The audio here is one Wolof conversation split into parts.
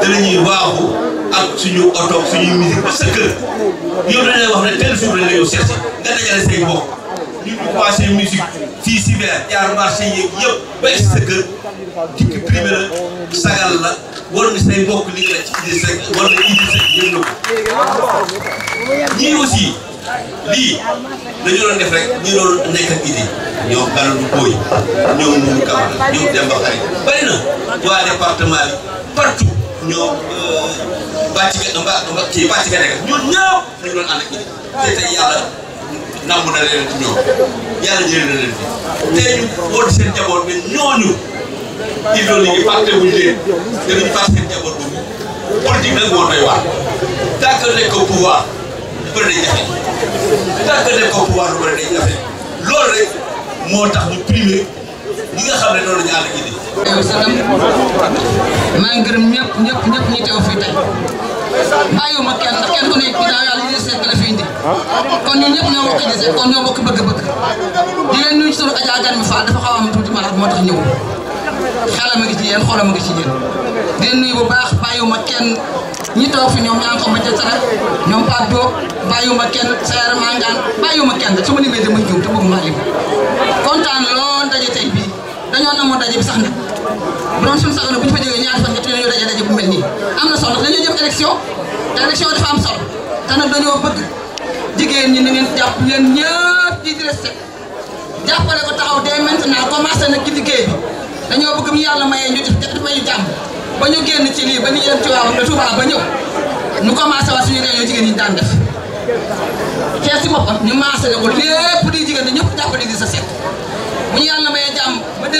danañuy waaxu ak suñu oto suñuy musique ba sa kër yow wax ne tel jour la nga yow nga dajale say mbokk ñu passé musique fii si biir jaar marché yeeg yëpp ba egg sa kër dikki primé la sagal la war na say mbokk li nga la waa département bi ñoom euh, bàcc ga kii bàcc ga nekk ñun ñëw dañu doon ànd ak ñoom te tey yàlla namb na leen ci ñoom yàlla jëlee na leen fi tey ñu wóor seen njaboot mais ñooñu idéologie yi fàtte wuñ leen dañuy fàtte seen njaboot boobu politique nag moo doy lu bëri day jafe tant que nekk au pouvoir lu bëri day jafe loolu rek moo tax ñu primer. ñi nga xam ne noonu ji di. maa ngi gërëm ñëpp ñëpp ñëpp ñu teew kenn ndax kenn fi bëgg-bëgg di leen nuyu ci turu Adja Gane Fall dafa xaw a am tuuti malade moo tax ñëwul xelam a ngi ci yéen xolam a ngi di leen bu baax bàyyiwuma kenn ñi toog fi ñoom ñaan ko ma jatara ñoom Pape Diop bàyyiwuma kenn Sayar Mangane bàyyiwuma kenn su ma limee damay juum te bëgg maa lim dañoo namoon daje bi sax na bu doon suñu sago bu ñu fa jógee ñaari fan ñetti dañoo daje am na solo dañoo jëm jigéen ñi na ngeen jàpp leen ñëpp di resté jàppale ko taxaw dès maintenant commencé dañoo bëgg ñu def def mayu ba ñu génn ci lii ba ñu yem ci waawam da Touba jigéen ñi ñu maasale ko sa set bu ñu yàlla mayee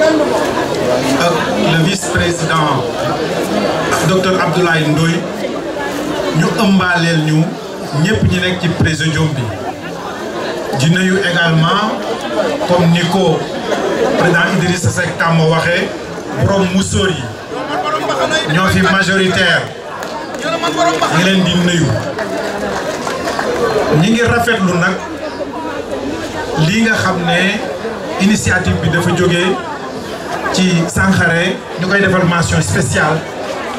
ak euh, le vice-président docteur Abdoulaye Ndoye ñu ëmbaaleel ñu ñëpp ñi nekk ci présidium bi di nuyu également comme ni ko président Idrissa Seck Tamo waxee borom musóor yi ñoo fi majoritaire ñi leen di nuyu ñi ngi rafetlu nag lii nga xam ne initiative bi dafa jóge ci Sankhare ñu koy defal mention spéciale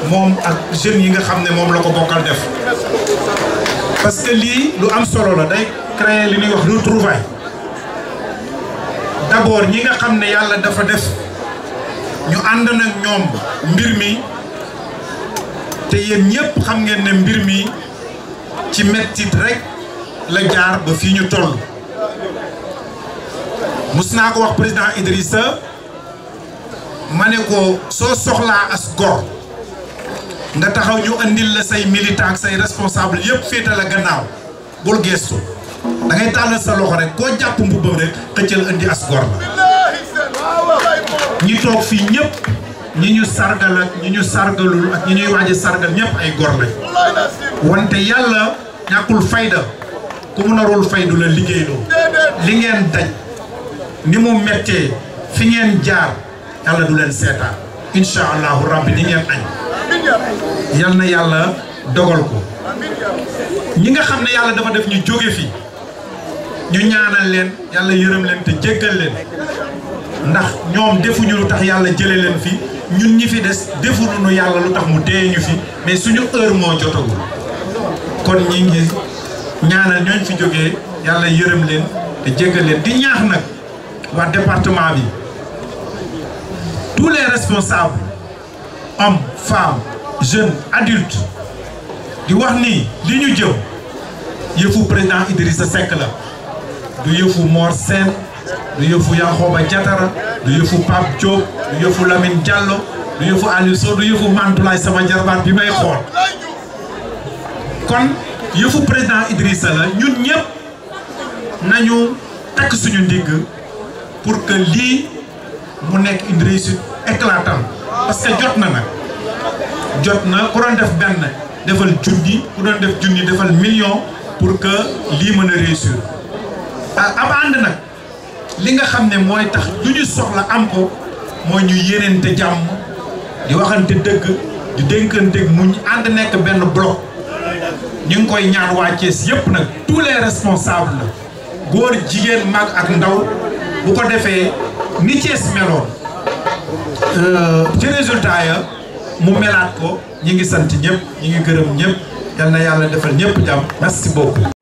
moom ak jeunes yi nga xam ne moom la ko bokkal def parce que lii lu am solo la day créer li ñuy wax retrouvaille d'abord ñi nga xam ne yàlla dafa def ñu ànd nag ñoom mbir mi te yéen ñëpp xam ngeen ne mbir mi ci mettit rek la jaar ba fi ñu toll mus naa ko wax président Idrissa ma ne ko soo soxlaa as gor nga taxaw ñu andil la say militant ak say responsable yëpp féetal a gannaaw bul geestu da ngay tàllal sa loxo rek koo jàpp mbubbam rek xëccal andi as gor la ñi toog fii ñëpp ñi ñu sargal ak ñi ñu sargalul ak ñi ñuy waaje sargal ñëpp ay gor lañ wante yàlla ñàkkul fayda ku mu narul faydu la liggéey loo li ngeen daj ni mu méttee fi ngeen jaar yàlla du leen seetaan incha allahu rabbi di ngeen añ yàlla dogal ko ñi nga xam ne yàlla dafa def ñu jóge fi ñu ñaanal leen yàlla yërëm leen te jéggal leen ndax ñoom defuñu lu tax yàlla jële leen fi ñun ñi fi des defuñu nu yàlla lu tax mu dee ñu fi mais suñu heure moo jotagul kon ñi ngi ñaanal ñooñ fi jógee yàlla yërëm leen te jéggal leen di ñaax nag waa département yi tous les responsables hommes femmes jeunes adultes di wax ni li ñu jëw yëfu président Idrissa Seck la du yëfu Mor Sène du yëfu Yankhoba Diattara du yëfu Pape Diop du yëfu Lamine Diallo du yëfu Aliou du yëfu Mantoulaye sama jarbaat bi may xool kon yëfu président Idrissa la ñun ñëpp nañu takk suñu ndigg pour que lii mu nekk une réussite éclatante parce jot na nag jot na ku doon def benn defal junni ku doon def junni defal million pour que lii mën a réussir ah am ànd nag li nga xam ne mooy tax lu ñu soxla am ko moo ñu yéeneente jàmm di waxante dëgg di dénkante mu ànd nekk benn bloc ñu ngi koy ñaan waa yépp nag tous les responsables la góor jigéen mag ak ndaw bu ko defee. ni Thiès meloon euh, ci résultat ya mu melaat ko ñi ngi sant ñëpp ñi ngi gërëm ñëpp yal na yàlla defal ñëpp jàmm merci beaucoup